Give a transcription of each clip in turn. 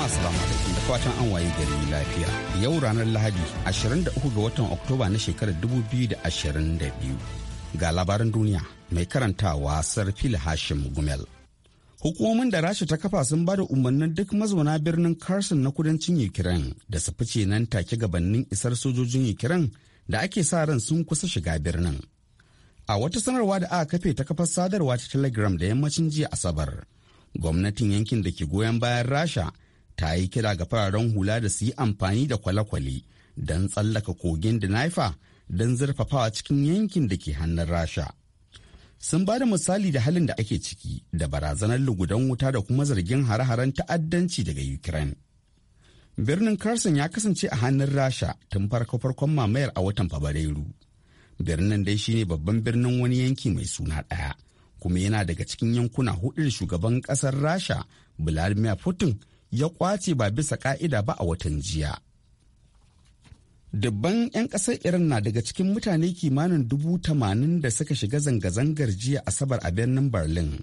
jama'a salamu alaikum da fatan an waye gari lafiya yau ranar lahadi 23 ga watan oktoba na shekarar 2022 ga labaran duniya mai karantawa sarfil hashim gumel hukumomin da rasha ta kafa sun ba da umarnin duk mazauna birnin carson na kudancin ukraine da su fice nan take gabanin isar sojojin ukraine da ake sa ran sun kusa shiga birnin a wata sanarwa da aka kafe ta kafar sadarwa ta telegram da yammacin jiya asabar gwamnatin yankin da ke goyon bayan rasha ta yi kira ga fararen hula da su yi amfani da kwale-kwale don tsallaka kogin da naifa don zurfafawa cikin yankin da ke hannun rasha sun ba da misali da halin da ake ciki da barazanar lugudan wuta da kuma zargin hare-haren ta'addanci daga ukraine birnin carson ya kasance a hannun rasha tun farko-farkon mamayar a watan fabrairu birnin dai shine babban birnin wani yanki mai suna ɗaya kuma yana daga cikin yankuna hudu da shugaban ƙasar rasha vladimir putin ya kwace ba bisa ka'ida ba a watan jiya. Dubban 'yan ƙasar Iran na daga cikin mutane kimanin dubu tamanin da suka shiga zanga-zangar jiya Asabar a birnin Berlin,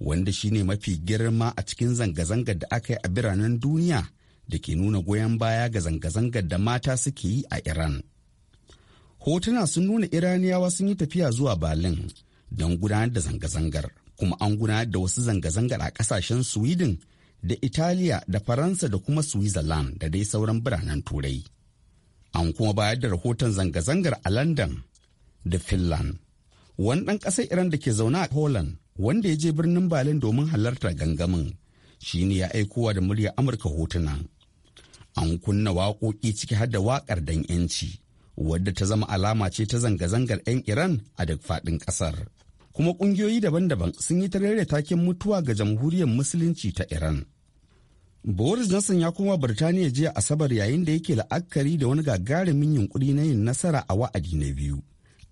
wanda shi ne mafi girma a cikin zanga-zangar da aka yi a biranen duniya da ke nuna goyon baya ga zanga-zangar da mata suke yi a Iran. Hotuna sun nuna Iraniyawa sun yi tafiya zuwa Berlin don gudanar da zanga-zangar, kuma an gudanar da wasu zanga-zangar a ƙasashen Sweden da Italiya da Faransa da kuma Switzerland da dai sauran biranen Turai. An kuma bayar da rahoton zanga-zangar a London da Finland. Wani ɗan ƙasar Iran da ke zaune a Holland wanda ya je birnin Berlin domin halartar gangamin shi ne ya aikowa da murya Amurka hotuna. An kunna waƙoƙi ciki har da waƙar dan 'yanci wadda ta zama alama ce ta zanga-zangar 'yan Iran a duk faɗin ƙasar. kuma kungiyoyi daban-daban sun yi ta rere taken mutuwa ga jamhuriyar musulunci ta iran boris johnson ya koma birtaniya jiya asabar yayin da yake la'akari da wani gagarumin yunkuri na yin nasara a wa'adi na biyu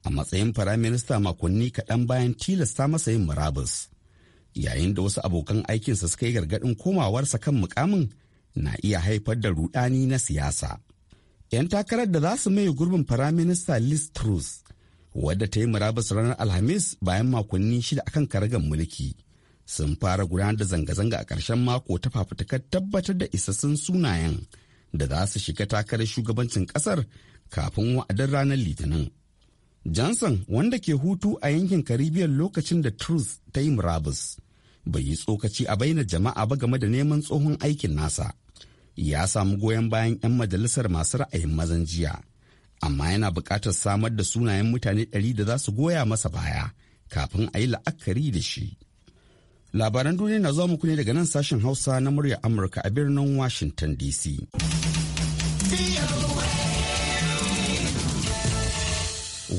a matsayin firaminista makonni kaɗan bayan tilasta masa yin murabus yayin da wasu abokan aikinsa suka yi gargaɗin komawarsa kan mukamin na iya haifar da rudani na siyasa 'yan takarar da za su maye gurbin firaminista liz truss wadda ta yi murabus ranar alhamis bayan makonni shida akan karagan mulki sun fara gudanar da zanga-zanga a ƙarshen mako ta fafutukar tabbatar da isassun sunayen da za su shiga takarar shugabancin ƙasar kafin wa'adin ranar litinin johnson wanda ke hutu a yankin caribbean lokacin da truth ta yi murabus bai yi tsokaci a baina jama'a ba game da neman tsohon aikin nasa ya samu goyon bayan 'yan majalisar masu ra'ayin mazan jiya amma yana buƙatar samar da sunayen mutane ɗari da za su goya masa baya kafin a yi la'akari da shi. Labaran duniya na zuwa muku ne daga nan sashen Hausa na murya Amurka a birnin Washington DC.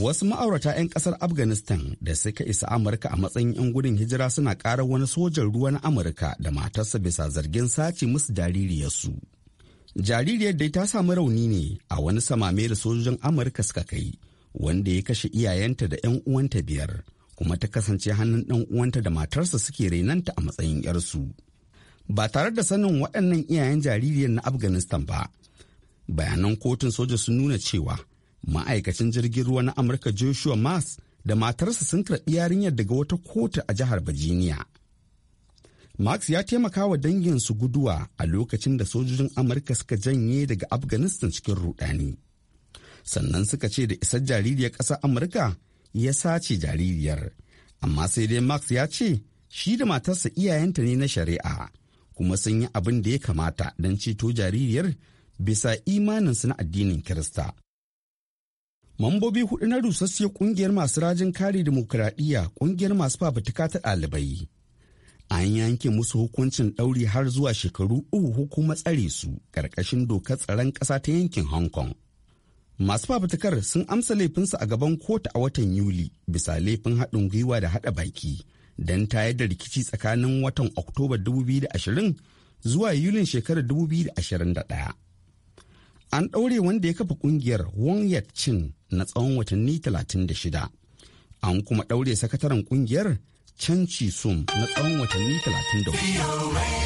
Wasu ma'aurata 'yan ƙasar Afghanistan da suka isa Amurka a matsayin 'yan gudun hijira suna ƙarar wani sojan ruwa na Amurka da matarsa bisa zargin sace musu jaririyarsu. jaririyar dai ta samu rauni ne a wani samame da sojojin amurka suka kai wanda ya kashe iyayenta da 'yan uwanta biyar kuma ta kasance hannun ɗan uwanta da matarsa suke renanta a matsayin 'yarsu ba tare da sanin waɗannan iyayen jaririyar na afghanistan ba bayanan kotun soja sun nuna cewa ma'aikacin jirgin ruwa na amurka joshua mas da matarsa sun karɓi yarinyar daga wata kotu a jihar virginia Max ya taimaka wa danginsu guduwa a lokacin da sojojin Amurka suka janye daga Afghanistan cikin rudani. Sannan suka ce da isar jaririyar ƙasar Amurka ya sace jaririyar. Amma sai dai Max ya ce shi da matarsa iyayenta ne na shari'a kuma sun yi abin da ya kamata don ceto jaririyar bisa imaninsu na addinin Kirista. Mambobi hudu na rusassiyar kungiyar masu rajin kare dimokuraɗiyya kungiyar masu fafutuka ta ɗalibai an yanke musu hukuncin ɗauri har zuwa shekaru uku hukuma tsare su ƙarƙashin dokar tsaron ƙasa ta yankin hong kong masu fafutukar sun amsa laifinsu a gaban kotu a watan yuli bisa laifin haɗin gwiwa da haɗa baki don tayar da rikici tsakanin watan oktoba 2020 zuwa yulin shekarar 2021 an ɗaure wanda ya kafa ƙungiyar wong yat chin na tsawon watanni 36 an kuma ɗaure sakataren ƙungiyar canci Sum na tsawon watanni 34.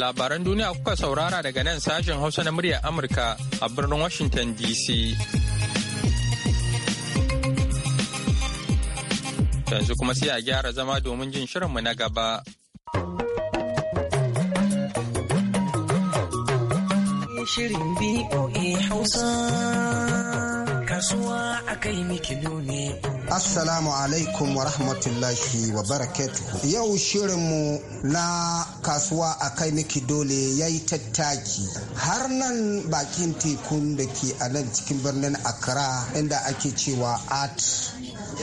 Labaran duniya kuka saurara daga nan sashen Hausa na muryar Amurka a birnin Washington DC. Yanzu kuma sai a gyara zama domin jin shirinmu na gaba. shirin VOA Hausa. Kasuwa a kai mikilo ne. Assalamu alaikum wa rahmatullahi wa barakatuhu. Yau shirinmu na kasuwa a kai miki dole ya yi tattaki har nan bakin tekun da ke a nan cikin birnin Accra inda ake cewa art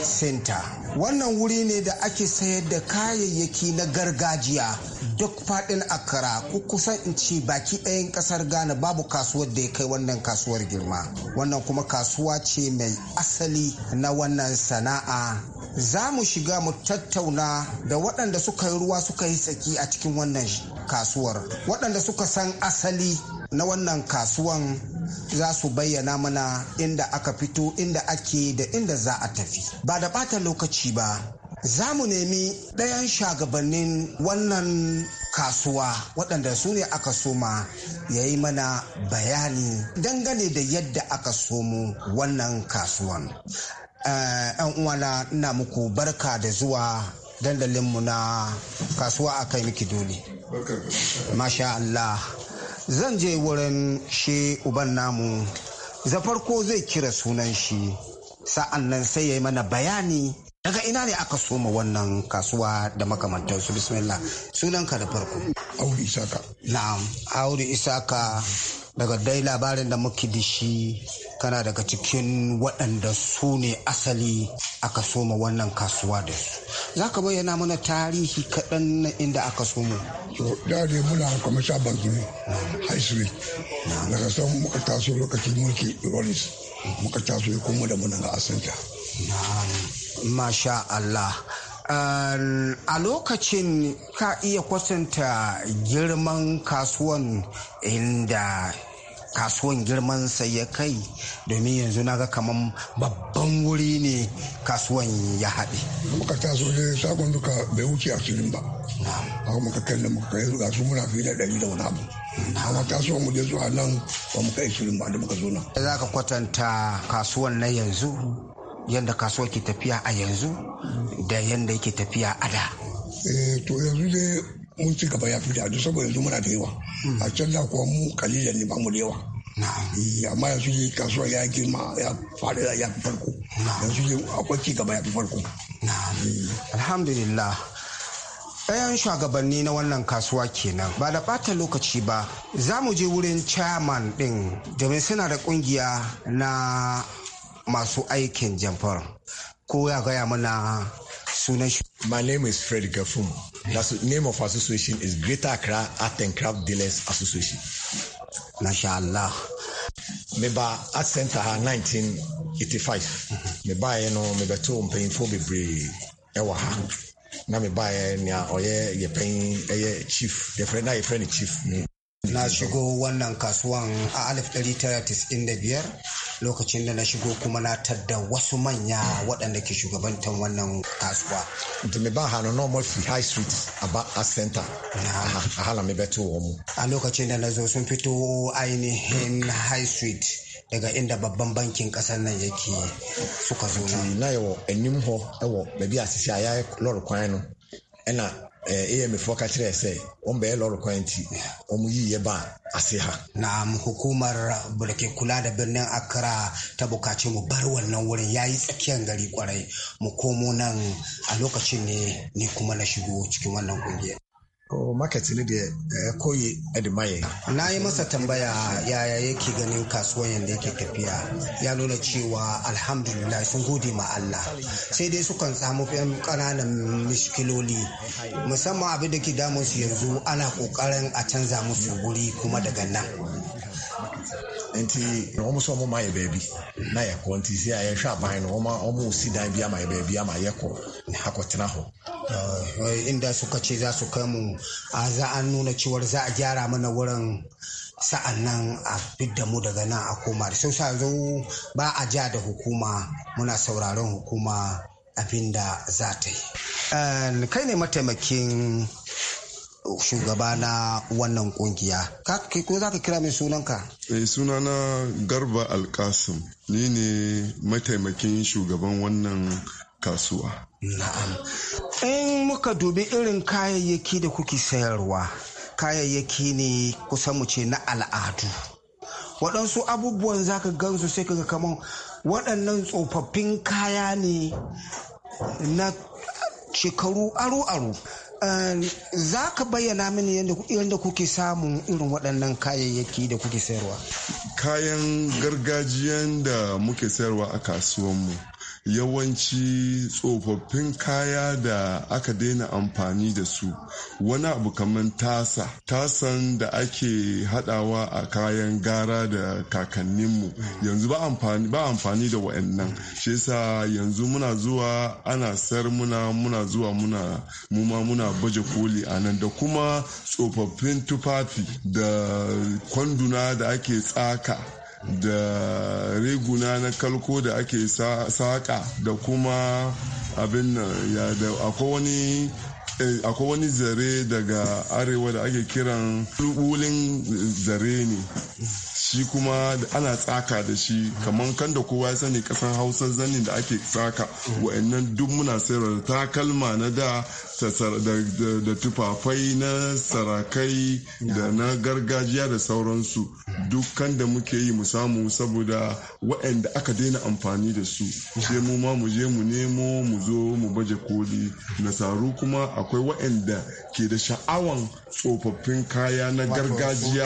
center wannan wuri ne da ake sayar da kayayyaki na gargajiya duk fadin akara ku kusan in ce baki ɗayan ƙasar ghana babu kasuwar da ya kai wannan kasuwar girma wannan kuma kasuwa ce mai asali na wannan sana'a za mu shiga mu tattauna da waɗanda suka yi ruwa suka yi tsaki a cikin wannan kasuwar waɗanda suka san asali na wannan kasuwan za su bayyana mana inda aka fito inda ake da inda za a tafi ba da ɓata lokaci ba za mu nemi ɗayan shagabannin wannan kasuwa waɗanda su ne aka soma ya yi mana bayani dangane da yadda aka somo wannan kasuwan. yan eh, uwana na muku barka da zuwa dandalinmu na kasuwa a kai miki dole. Masha Allah. zan je wurin shi uban namu za farko zai kira sunan shi sa'an nan sai ya yi mana bayani daga ina ne aka soma wannan kasuwa da makamantansu bismillah sunanka da farko auri isaka na'am auri isaka daga dai labarin da muke da shi kana daga cikin waɗanda su ne asali aka soma wannan kasuwa da su za ka bayyana mana tarihi kaɗan na inda aka somo da ne muna sha banki high street daga son muka taso lokacin mulki rollins muka taso ya kuma da muna ga asanta masha Allah ehm, a lokacin ka iya kwatanta girman kasuwan inda kasuwan girman sa ya kai domin yanzu na ga kamar babban wuri ne kasuwan ya haɗe. muka taso ne shagon duka bai wuce cikin ba a kuma ka kai da muka kai ga su muna fiye da ɗari da wani abu amma kasuwan mu je zuwa nan ba mu kai ashirin ba da muka zo nan. za ka kwatanta kasuwan na yanzu yadda kasuwa ke tafiya a yanzu da yadda yake tafiya a da. Eh, to yanzu dai mun ci gaba ya fi da duk saboda yanzu muna da yawa hmm. a can da kuwa mu kalilan ne ba mu da yawa eh, amma yanzu kasuwa ya girma ya faɗi ya fi farko yanzu akwai ci gaba ya fi farko eh. alhamdulillah ɗayan shugabanni na wannan kasuwa kenan ba da ɓata lokaci ba za mu je wurin chairman ɗin domin suna da ƙungiya na masu aikin jamfar ko ya gaya mana sunan my name is fred gafum the name of association is greater accra art and craft dealers association masha allah meba at center ha 1985 mebaeɛ no mebɛtoo mpanyimfoɔ bebree ɛwɔ ha na mebaeɛ nea ɔyɛ yɛpanyin ɛyɛ chief yɛfrɛ na yɛfrɛ no chief na shigo wannan kasuwan a alif ɗari tara in the biyar lokacin da na shigo kuma na tadda wasu manya waɗanda ke shugabantar wannan kasuwa. me ba hana no fi high street a ba a center a hala me beto wa mu. A lokacin da na zo sun fito ainihin high street daga inda babban bankin kasar nan yake suka zo na. Na yawon enyim hɔ a sisi a y'a lori kwan no ɛna ɛyɛ eh, mefoɔ ka kyerɛ sɛ ɔmbɛyɛ lɔre kwan nti ɔmo yiyɛ ba ase ha na'am hukumar da kula da birnin akra ta bukaci mu bar wannan wurin yayi tsakiyar gari kwarai mu komo nan a lokacin ne ne kuma na shigo cikin wannan kungiyar market ne da koyi adima na yi masa tambaya yaya yake ganin kasuwan yadda yake tafiya ya nuna cewa alhamdulillah sun gode ma Allah sai dai sukan samu fiyan kananan mishkiloli musamman abin da ke damun su yanzu ana kokarin a canza musu wuri kuma daga nan nti na wɔn nso wɔn ayɛ baabi na yɛkɔ nti sɛ yɛhwɛ aban no wɔn si dan bi ama yɛ baabi ama yɛkɔ akɔtena hɔ. inda suka ce za su kai mu a za a nuna cewar za a gyara mana wurin sa'an nan a fidda mu daga nan a koma sau sa zo ba a ja da hukuma muna sauraron hukuma abinda za ta yi uh, kai ne mataimakin shugaba na wannan kungiya ko za ka kira mai sunanka eh sunana garba alkasim ni ne mataimakin shugaban wannan kasuwa na'am in muka dubi irin kayayyaki da kuke sayarwa kayayyaki ne kusan mu ce na al'adu waɗansu abubuwan za zaka gansu sai kaga kamar waɗannan tsofaffin kaya ne na shekaru aro-aro za ka bayyana mini yadda kuke samun irin waɗannan kayayyaki da kuke sayarwa kayan gargajiyan da muke sayarwa a kasuwanmu yawanci tsofaffin kaya da aka daina amfani da su wani abu kamar tasa tasan da ake hadawa a kayan gara da kakanninmu yanzu ba amfani da wa'annan shi yasa yanzu muna zuwa ana sar muna muna zuwa muna muma muna baje koli a nan da kuma tsofaffin tufafi da kwanduna da ake tsaka da riguna na kalko da ake saƙa da kuma abin ya da akwai wani eh, akwai wani zare daga arewa da ake kiran bulbulin zare ne shi kuma ana tsaka da shi kamar kan da kowa ya sani kasar hausa zanin da ake tsaka wa'annan duk muna sayarwa takalma na da da tufafai na sarakai da na gargajiya da sauransu dukkan da muke yi mu samu saboda waɗanda aka daina amfani da su sai mu ma mu je mu nemo mu zo mu baje koli nasaru kuma akwai waɗanda ke da sha'awan tsofaffin kaya na gargajiya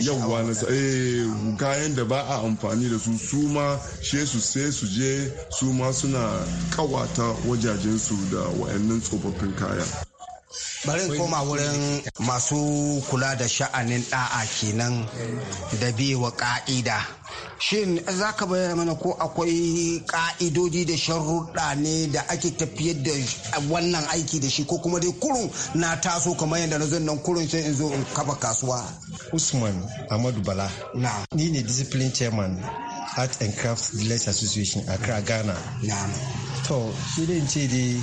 yawwa na eh, kayan da ba a amfani da su su ma shi su sai su je su ma suna kawata wajajensu da waɗannan tsofaffin wannan kaya bari koma wurin masu kula da sha'anin da'a kenan da wa ka'ida shin za ka bayyana mana ko akwai ka'idodi da sharruɗa ne da ake tafiyar da wannan aiki da shi ko kuma dai kurun na taso kamar yadda na zan nan kurun sai in zo in kafa kasuwa usman amadu bala na ni ne discipline chairman art and crafts dealers association accra ghana na to shi ce dai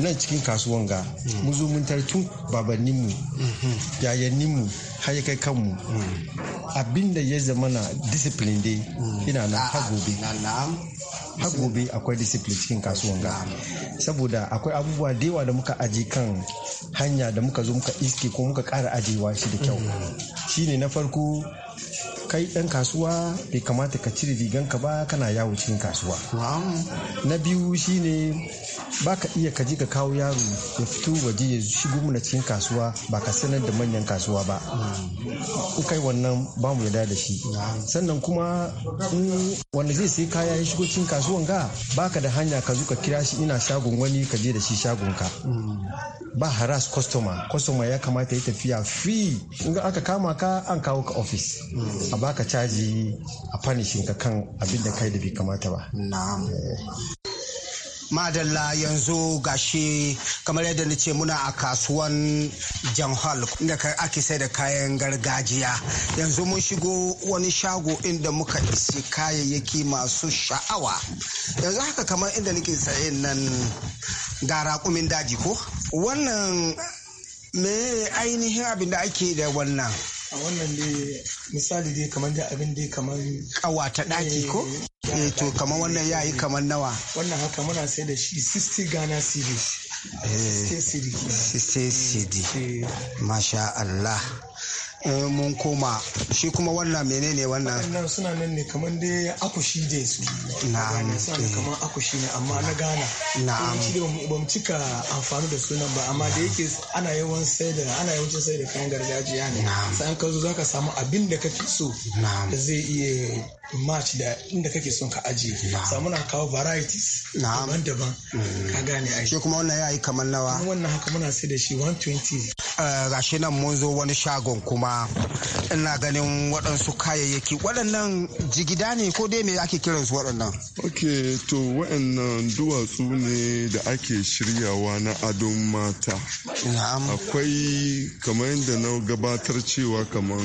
nan cikin kasuwan ga mu zo mun tartun babanninmu yayanninmu har ya kai kanmu abin da ya zama na discipline dai ina na hagobe gobe akwai discipline cikin kasuwan ga saboda akwai abubuwa da yawa da muka aje kan hanya da muka zo muka iske ko muka kara ajewa shi da kyau shine na farko kai ɗan kasuwa bai kamata ka cire ka ba kana yawo cikin kasuwa na biyu shine ba ka iya kaji ka kawo yaro ya fito waje ya shigo mana cikin kasuwa ba ka sanar da manyan kasuwa ba in kai wannan ba mu yarda da shi sannan kuma wanda zai sai kaya ya shigo cikin kasuwan ga baka da hanya ka zo ka kira shi ina shagon wani ka je da shi shagon ka mm. ba haras customer customer ya kamata ya tafiya fi in aka kama ka an kawo ka office mm. a baka caji a fanishin ka kan abin da kai da bai kamata ba eh. madalla yanzu gashi kamar yadda na ce muna a kasuwan Hall. inda ake sai da kayan gargajiya yanzu mun shigo wani shago inda muka isi kayayyaki masu sha'awa yanzu haka kamar inda nake saye nan gara kumin daji ko wannan me ainihin abin da ake da wannan a wannan dai misali dai kamar da abin dai kamar kawa ta daki ko eh, eh to kamar wannan yayi kamar nawa wannan haka muna sai da shi 60 Ghana cedis 60 60 cedi masha Allah Eh, mun koma shi kuma wannan menene wannan wannan suna nan ne kamar da akushi da su na'am suna eh. kamar akushi ne amma na gana na'am shi ba mu cika amfani da sunan ba amma da yake ana yawan sai da ana yawancin sai da kayan gargajiya ne sai an ka zo zaka samu abin da kake so da zai iya match da inda kake son ka ajiye samu na kawo varieties daban daban mm. ka gane ai shi kuma wannan yayi kamar nawa wannan haka muna sai da shi 120 eh, gashi nan mun zo wani shagon kuma ina ganin waɗansu kayayyaki waɗannan jigida ne ko dai me ake kiran su waɗannan ok to waɗannan duwatsu ne da ake shiryawa na adon mata akwai kamar yadda na gabatar cewa kamar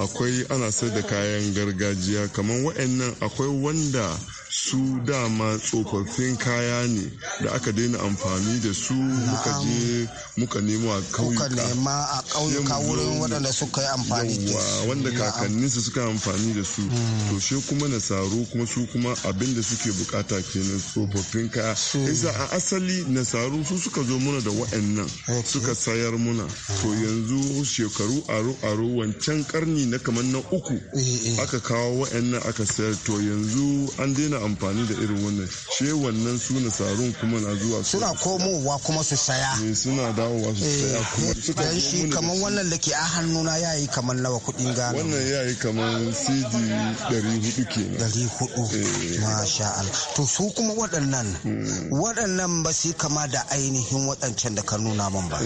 akwai ana sai da kayan gargajiya kamar domin waɗannan akwai wanda su dama tsofaffin kaya ne da aka daina amfani da su muka je muka nemo a kauyuka muka nema a kauyuka wurin waɗanda suka yi amfani da su wanda kakanninsu suka amfani da su hmm. to she kuma nasaru kuma su kuma abin da suke bukata kenan tsofaffin kaya isa a asali nasaru su suka zo muna da wa'annan suka sayar muna to hmm. yanzu shekaru aro aro wancan karni na kamar na uku eh, eh. aka kawo wa'annan aka sayar to yanzu an daina amfani da irin wannan she wannan su sarun kuma na zuwa suna komowa kuma su saya ne eh, suna dawowa su eh, saya kuma suka shi kaman wannan da ke a hannuna ya yi kaman nawa kudin gano wannan ya yi kaman CD 400 kenan 400 eh. masha Allah to su kuma waɗannan hmm. waɗannan ba su kama da ainihin waɗancan da ka nuna min ba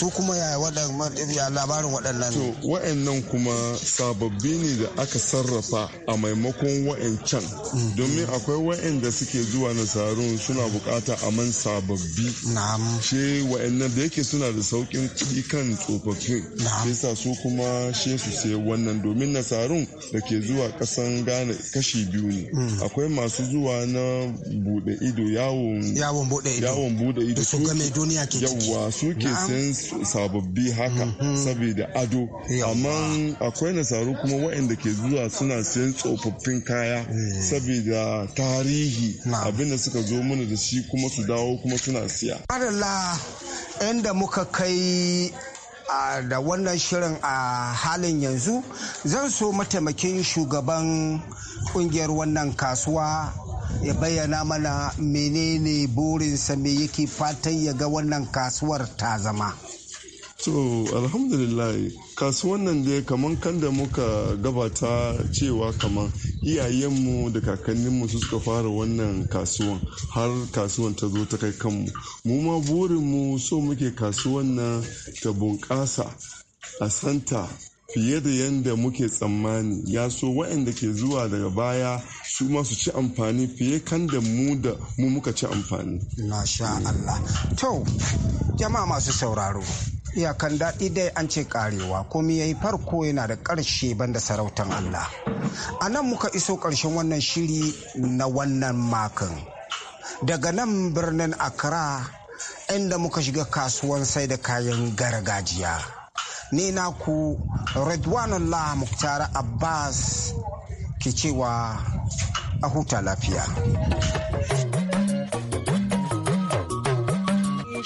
su kuma ya labarin waɗannan to waɗannan kuma sababbi ne da aka sarrafa a maimakon waɗancan hmm. domin a akwai wa'anda suke zuwa nasarun suna bukata man sababbi shi wa'annan da yake suna da saukin kuɗi kan tsofaffin shi sa su kuma shi su sai wannan domin nasarun da ke zuwa kasan gane kashi biyu ne mm. akwai masu zuwa na bude ido yawon bude ido su ga mai duniya ke ciki yawa su ke sayan sababbi haka mm-hmm. saboda ado amma akwai nasaru kuma wa'anda ke zuwa suna sayan tsofaffin kaya eh. saboda tarihi abinda suka zo mana da shi kuma su dawo kuma suna siya. Adala inda muka kai da wannan shirin a halin yanzu zan so mataimakin shugaban kungiyar wannan kasuwa ya bayyana mana menene burinsa me yake fatan ya ga wannan kasuwar ta zama. so alhamdulillah kasuwan nan dai kamar kan da muka gabata cewa kaman iyayenmu da kakanninmu su suka fara wannan kasuwan har kasuwan ta zo ta kai kanmu. Mu ma burinmu so muke kasuwan nan ta bunƙasa a santa fiye da yadda muke tsammani ya so waɗanda ke zuwa daga baya su masu ci amfani fiye kan da mu da mu muka ci amfani. Allah. To, jama'a masu sauraro. iyakan daɗi dai an ce karewa komi ya yi farko yana da ƙarshe banda sarautan Allah. A nan muka iso ƙarshen wannan shiri na wannan makon. Daga nan birnin Accra inda muka shiga kasuwan sai da kayan gargajiya. Ni ku Allah Muktara Abbas ke cewa a huta lafiya.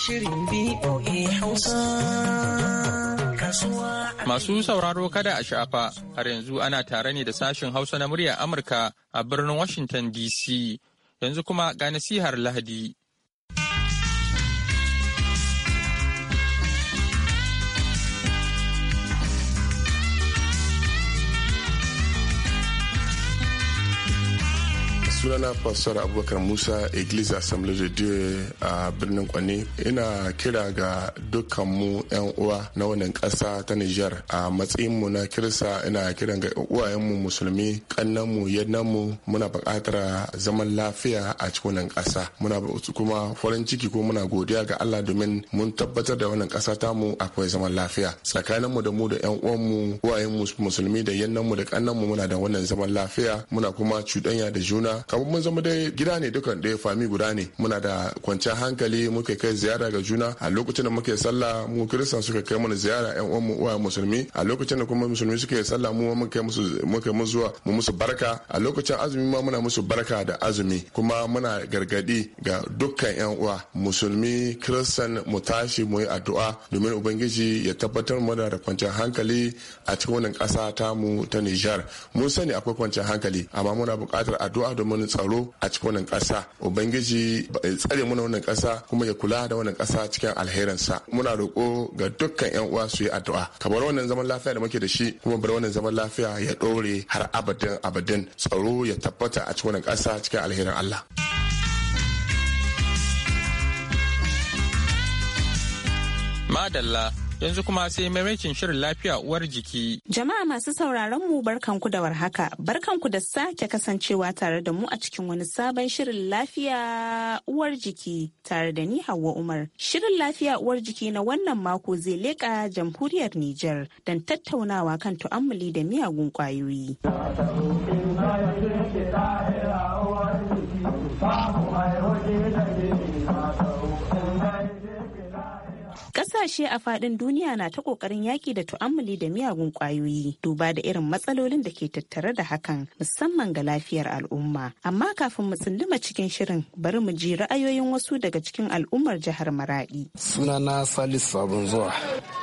shirin VOA Hausa. Masu sauraro kada a shafa, har yanzu ana tare ne da sashen Hausa na muryar Amurka a birnin Washington DC. Yanzu kuma ga nasihar Lahadi. sunana pastor abubakar musa iglesia assembly de dieu a birnin kwane ina kira ga dukkan mu yan uwa na wannan ƙasa ta niger a matsayin mu na kirsa ina kiran ga uwayen mu musulmi kannan mu yannan mu muna buƙatar zaman lafiya a cikin wannan ƙasa muna kuma farin ciki ko muna godiya ga Allah domin mun tabbatar da wannan kasa ta mu akwai zaman lafiya tsakanin mu da mu da yan uwan mu uwayen mu musulmi da yannan mu da kannan mu muna da wannan zaman lafiya muna kuma cuɗanya da juna kamar mun zama dai gida ne dukan ɗaya fami guda ne muna da kwanciyar hankali muke kai ziyara ga juna a lokacin da muke sallah mu kiristan suka kai mana ziyara yan uwan mu uwa musulmi a lokacin da kuma musulmi suke sallah mu mun kai musu muka musu zuwa mu musu barka a lokacin azumi ma muna musu barka da azumi kuma muna gargadi ga dukkan yan uwa musulmi kiristan mu tashi mu yi addu'a domin ubangiji ya tabbatar mana da kwanciyar hankali a cikin wannan kasa ta mu ta Nijar mun sani akwai kwanciyar hankali amma muna buƙatar addu'a domin wani tsaro a cikin wannan ƙasa ubangiji ya tsare mana wannan ƙasa kuma ya kula da wannan ƙasa cikin alherinsa muna roƙo ga dukkan yan uwa su yi addu'a ka bar wannan zaman lafiya da muke da shi kuma bar wannan zaman lafiya ya ɗore har abadin abadin tsaro ya tabbata a cikin wannan ƙasa cikin alherin Allah. Madalla Yanzu kuma sai maimakin shirin lafiya uwar jiki. Jama'a masu sauraron mu barkanku da warhaka. Barkanku da sake kasancewa tare da mu a cikin wani sabon shirin lafiya uwar jiki tare da ni Hauwa Umar. Shirin lafiya uwar jiki na wannan mako zai leƙa jamhuriyar Nijar don tattaunawa kan tu'ammali da miyagun ƙwayoyi. Kasashe a faɗin duniya na ta ƙoƙarin yaƙi da tu'ammali da miyagun ƙwayoyi duba da irin matsalolin da ke tattare da hakan musamman ga lafiyar al'umma. Amma kafin mu tsunduma cikin shirin bari mu ji ra'ayoyin wasu daga cikin al'ummar jihar Maradi. Sunana Salisu Sabon Zuwa.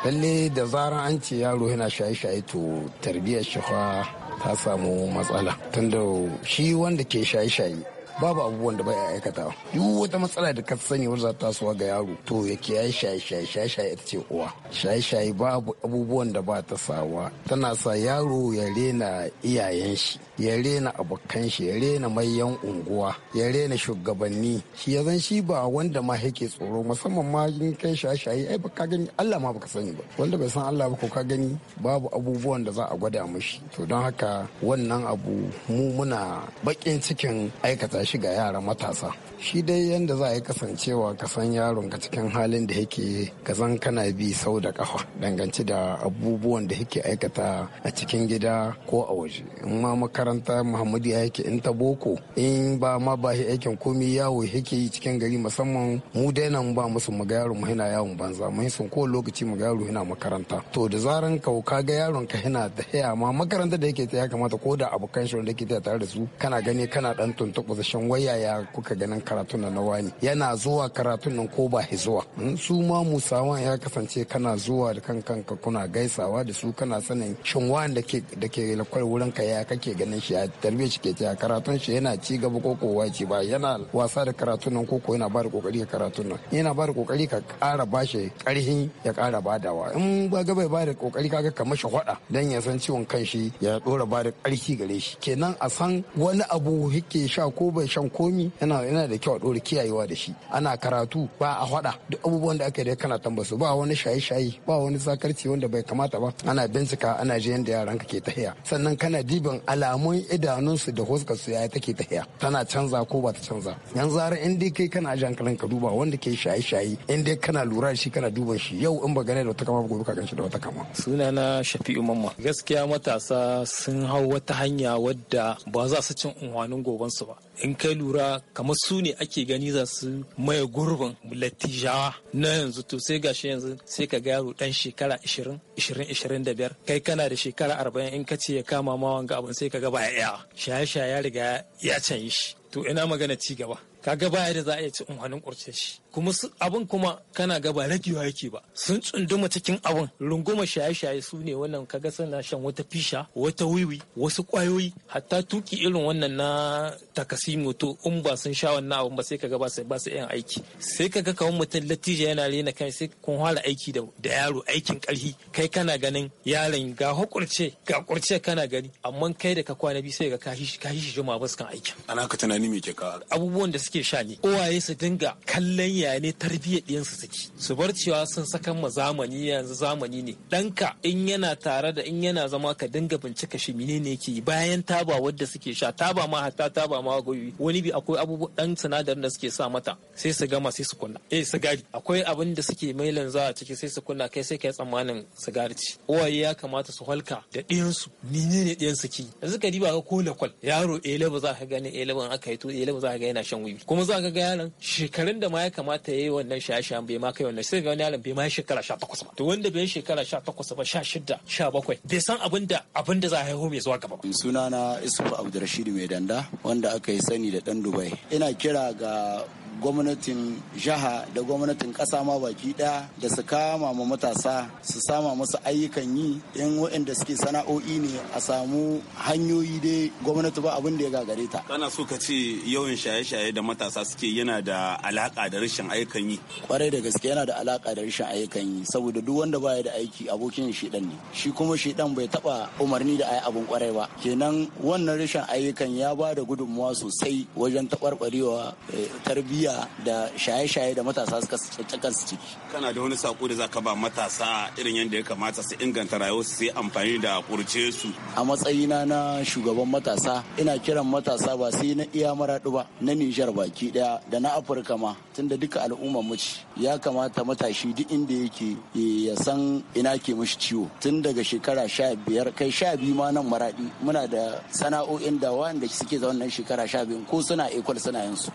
Lalle da zarar an ce yaro yana shaye-shaye to tarbiyyar shi ta samu matsala. Tunda shi wanda ke shaye-shaye babu abubuwan da bai aikata duk wata matsala da ka sani wanda ta tasowa ga yaro to ya kiyaye shaye shaye shaye shaye ita ce uwa shaye shaye babu abubuwan da ba ta sawa tana sa yaro ya rena iyayen shi ya rena abokan shi ya rena mayan unguwa ya rena shugabanni shi ya zan shi ba wanda ma yake tsoro musamman ma in kai shaye shaye ai ba ka gani Allah ma baka sani ba wanda bai san Allah ba ko ka gani babu abubuwan da za a gwada mishi to don haka wannan abu mu muna bakin cikin aikata shi ga yara matasa shi dai yadda za a yi kasancewa kasan yaron ka cikin halin da yake kazan kana bi sau da kafa dangance da abubuwan da yake aikata a cikin gida ko a waje in ma makaranta muhammadu ya yake in ta boko in ba ma ba shi aikin komi yawo yake yi cikin gari musamman mu dai nan ba musu mu ga yaron mu yana yawon banza mu yi sun ko lokaci mu ga yaro yana makaranta to da zaran ka ka ga yaron ka yana da haya ma makaranta da yake ta ya kamata ko da abokan shi wanda ke tare da su kana gani kana dan tuntuɓa waya wayaya kuka ganin karatun na wani yana zuwa karatun nan ko ba zuwa su ma musawa ya kasance kana zuwa da kan kanka kuna gaisawa da su kana sanin shin wani da ke lakwal wurin ka ya kake ganin shi a tarbiyyar shi ke ta karatun shi yana ci gaba ko kowa ci ba yana wasa da karatun nan ko yana ba da kokari karatun nan yana ba da kokari ka kara bashi karhi ya kara badawa in ba ga bai ba da kokari kaga ka mashi hwada dan ya san ciwon kan shi ya dora ba da karfi gare shi kenan a san wani abu yake sha ko bai bai shan komi yana yana da kyau a ɗora kiyayewa da shi ana karatu ba a hada duk abubuwan da aka yi kana tambasu ba wani shaye-shaye ba wani zakarci wanda bai kamata ba ana bincika ana je yanda ka ke tahiya sannan kana diban alamun idanunsu da su yaya take tahiya tana canza ko ba ta canza yan zarar in dai kai kana jan ka duba wanda ke shaye-shaye in dai kana lura shi kana duba shi yau in ba gane da wata kama gobe ka ganshi da wata kama sunana shafi'u mamma gaskiya matasa sun hau wata hanya wadda ba za su cin unhwanin gobansu ba in kai lura kamar su ne ake gani za su maye gurbin latijawa na yanzu to sai gashi yanzu sai ka ga yaro dan shekara 20 25 kai kana da shekara 40 in ka ce ya kama ma wanga abin sai ka ga ba ya shaye-shaye ya riga ya canyi shi to ina magana ci gaba kaga baya da za a iya ci unhanin kurce shi kuma abin kuma kana ga ba ragewa yake ba sun tsunduma cikin abin runguma shaye-shaye su ne wannan kaga suna shan wata fisha wata wiwi wasu kwayoyi hatta tuki irin wannan na takasi moto in ba sun sha wannan abin ba sai kaga ba su ba aiki sai kaga kawun mutum latija yana rena kai sai kun fara aiki da yaro aikin karfi kai kana ganin yaron ga hukurce ga kurce kana gani amma kai da ka kwana biyu sai ga ka shi juma ba su kan aikin ana ka tunani me ke kawo abubuwan da suke sha ne uwaye su dinga kallon iyaye ne tarbiyyar ɗiyansu suke su bar cewa sun sakan ma zamani yanzu zamani ne ɗanka in yana tare da in yana zama ka dinga bincika shi ne yake yi bayan taba wadda suke sha taba ma hatta taba ma goyi wani bi akwai abubuwan ɗan sinadarin da suke sa mata sai su gama sai su kunna eh sigari akwai abin da suke mai lanza a ciki sai su kunna kai sai kai tsammanin sigari ci uwaye ya kamata su halka da ɗiyansu ne ɗiyansu ki yanzu ka diba ka kola kwal yaro eleba za ka gani eleba aka yi to eleba za ka ga yana shan wiwi kuma za ka ga yaron shekarun da ma ya kamata kamata ya yi wannan shashan bai ma kai wannan sai ga wani yaron bai ma shekara sha takwas ba to wanda bai shekara sha takwas ba sha shida sha bakwai bai san abin da abin da za a haihu mai zuwa gaba ba. sunana isufu abdurrashid mai danda wanda aka yi sani da dan dubai ina kira ga gwamnatin jiha da gwamnatin ƙasa ma baki ɗaya da su kama mu matasa su sama musu ayyukan yi in waɗanda suke sana'o'i ne a samu hanyoyi dai gwamnati ba abin da ya gagare ta. Kana so ka ce yawan shaye-shaye da matasa suke yana da alaƙa da rashin ayyukan yi. Kwarai da gaske yana da alaka da rashin ayyukan yi saboda duk wanda baya da aiki abokin shedan ne. Shi kuma shedan bai taba umarni da ayi abin kwarai ba. Kenan wannan rashin ayyukan ya ba da gudunmuwa sosai wajen taɓarɓarewa eh, tarbiyya giya da shaye-shaye da matasa suka tsakan su ciki kana da wani sako da zaka ba matasa irin yadda ya kamata su inganta rayuwarsu su sai amfani da kurce su a matsayina na shugaban matasa ina kiran matasa ba sai na iya maraɗu ba na Nijar baki ɗaya da na Afirka ma tunda duka al'ummar mu ci ya kamata matashi duk inda yake e, ya san ina ke mishi ciwo tun daga shekara sha biyar kai sha biyu ma nan maraɗi muna da sana'o'in da wanda suke zaune shekara sha biyu ko suna ikon suna yin su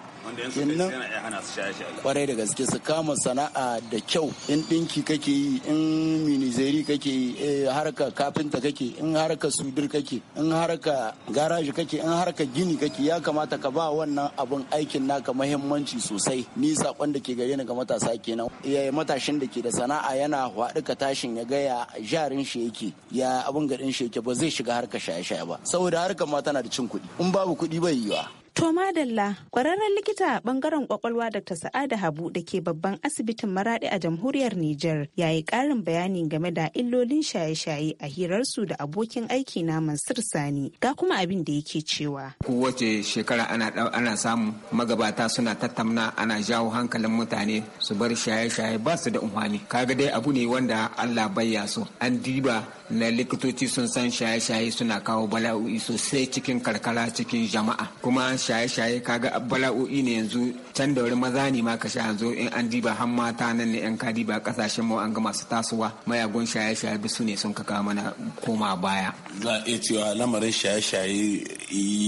kwarai da gaske su kama sana'a da kyau in dinki kake yi in minizeri kake yi eh, harka kafinta kake in harka sudur kake in harka garaji kake in harka gini kake ya kamata ka ba wannan abin aikin naka mahimmanci sosai ni sakon da ke gare ni ga matasa kenan matashin da ke da sana'a yana ka tashin ya gaya jarin shi yake ya abin garin shi yake ba zai shiga harka shaye-shaye ba saboda harkar ma tana da cin kuɗi in babu kuɗi bai yiwa To madalla kwararren likita a bangaren kwakwalwa Dr. Sa'ada Habu da ke babban asibitin Maraɗi a jamhuriyar Nijar ya yi ƙarin bayani game da illolin shaye-shaye a hirarsu da abokin aiki na Mansur Sani ga kuma abin da yake cewa. Kowace shekara ana, ana samu magabata suna tattamna ana jawo hankalin mutane su bar shaye-shaye ba su da umhani. Kaga dai abu ne wanda Allah bayya so. An diba na likitoci sun san shaye-shaye suna kawo bala'o'i sosai cikin karkara cikin jama'a kuma shaye-shaye kaga bala'o'i ne yanzu can da wuri maza ne ma ka sha yanzu in an diba har mata nan ne yan kadi ba kasashen mu an ga masu tasowa mayagun shaye-shaye duk su ne sun kaka mana koma baya za a iya cewa lamarin shaye-shaye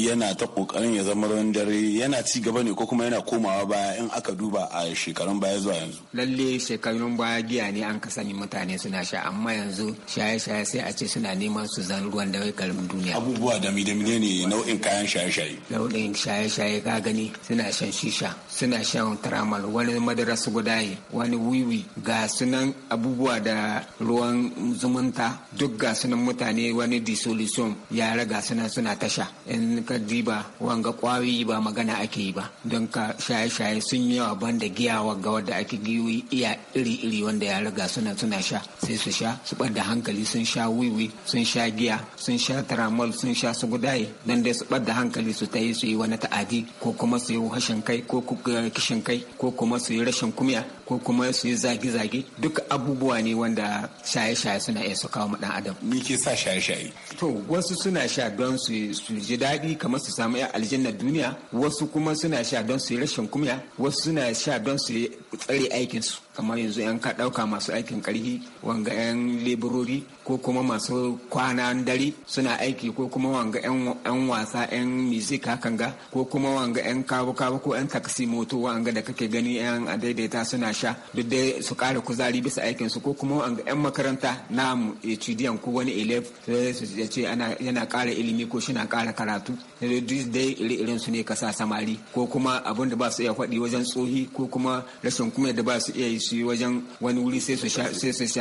yana ta kokarin ya zama ruwan dare yana ci gaba ne ko kuma yana komawa baya in aka duba a shekarun baya zuwa yanzu lalle shekarun baya giya ne an ka sani mutane suna sha amma yanzu shaye-shaye sai a ce suna neman su zan ruwan da karamin duniya abubuwa da midamile ne nau'in kayan shaye-shaye nau'in shaye-shaye ka gani suna shan shisha suna shan tramal wani madara su gudaye wani wiwi ga sunan abubuwa da ruwan zumunta duk ga sunan mutane wani disolution yara ga sunan suna tasha in ka diba wanga kwayoyi ba magana ake yi ba don ka shaye-shaye sun yi yawa banda giyawa ga wadda ake giyoyi iya iri-iri wanda yara ga sunan suna sha sai su sha su da hankali sun sha wiwi sun sha giya sun sha taramol sun sha su gudaye don dai su ɓadda hankali su ta yi su yi wani ta'adi ko kuma su yi hashin kai ko eh, kishin kai ko kuma su yi rashin kumya ko kuma su yi zage-zage duk abubuwa ne wanda shaye-shaye suna iya su kawo dan adam. Me ke sa shaye-shaye? To wasu suna sha don su ji daɗi kamar su samu yan aljannar duniya wasu kuma suna sha don su yi rashin kumya wasu suna sha don su yi tsare aikinsu kamar yanzu yan ka ɗauka masu aikin ƙarfi wanga yan leburori ko kuma masu kwana dare suna aiki ko kuma wanga yan wasa yan mizika kanga ko kuma wanga yan kawo-kawo ko yan taksi moto wanga da kake gani yan adaidaita suna sha duk dai su kara kuzari bisa aikin su ko kuma an ga 'yan makaranta na etudiyan eh, ko wani elef eh, su ce yana kara ilimi ko shina kara karatu eh, duk dai ire su ne kasa samari ko kuma abin da ba su iya faɗi wajen tsohi ko kuma rashin kuma da ba su iya yi su wajen wani wuri sai su sha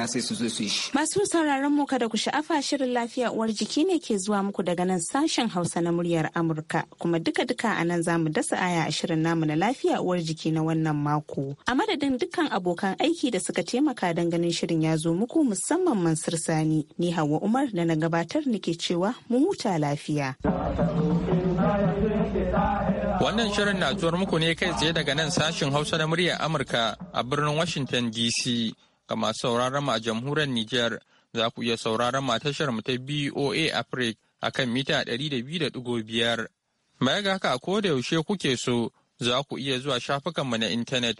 sai su zo su shi. Masu sauraron mu kada ku sha'afa shirin lafiya uwar jiki ne ke zuwa muku daga nan sashen Hausa na muryar Amurka kuma duka-duka a nan za mu dasa aya a shirin namu na lafiya uwar jiki na wannan mako. A madadin dukkan abokan aiki da suka taimaka don ganin shirin ya zo muku musamman Mansur Sani. Ni Hawa Umar da na gabatar nake cewa mu huta lafiya. Wannan shirin na zuwar muku ne kai tsaye daga nan sashin Hausa na muryar Amurka a birnin Washington DC. Ga masu sauraron mu a jamhuriyar niger za ku iya sauraron mu tashar mu ta BOA Africa a kan mita 200.5. biyar mayaga haka a da yaushe kuke so za ku iya zuwa shafukanmu na intanet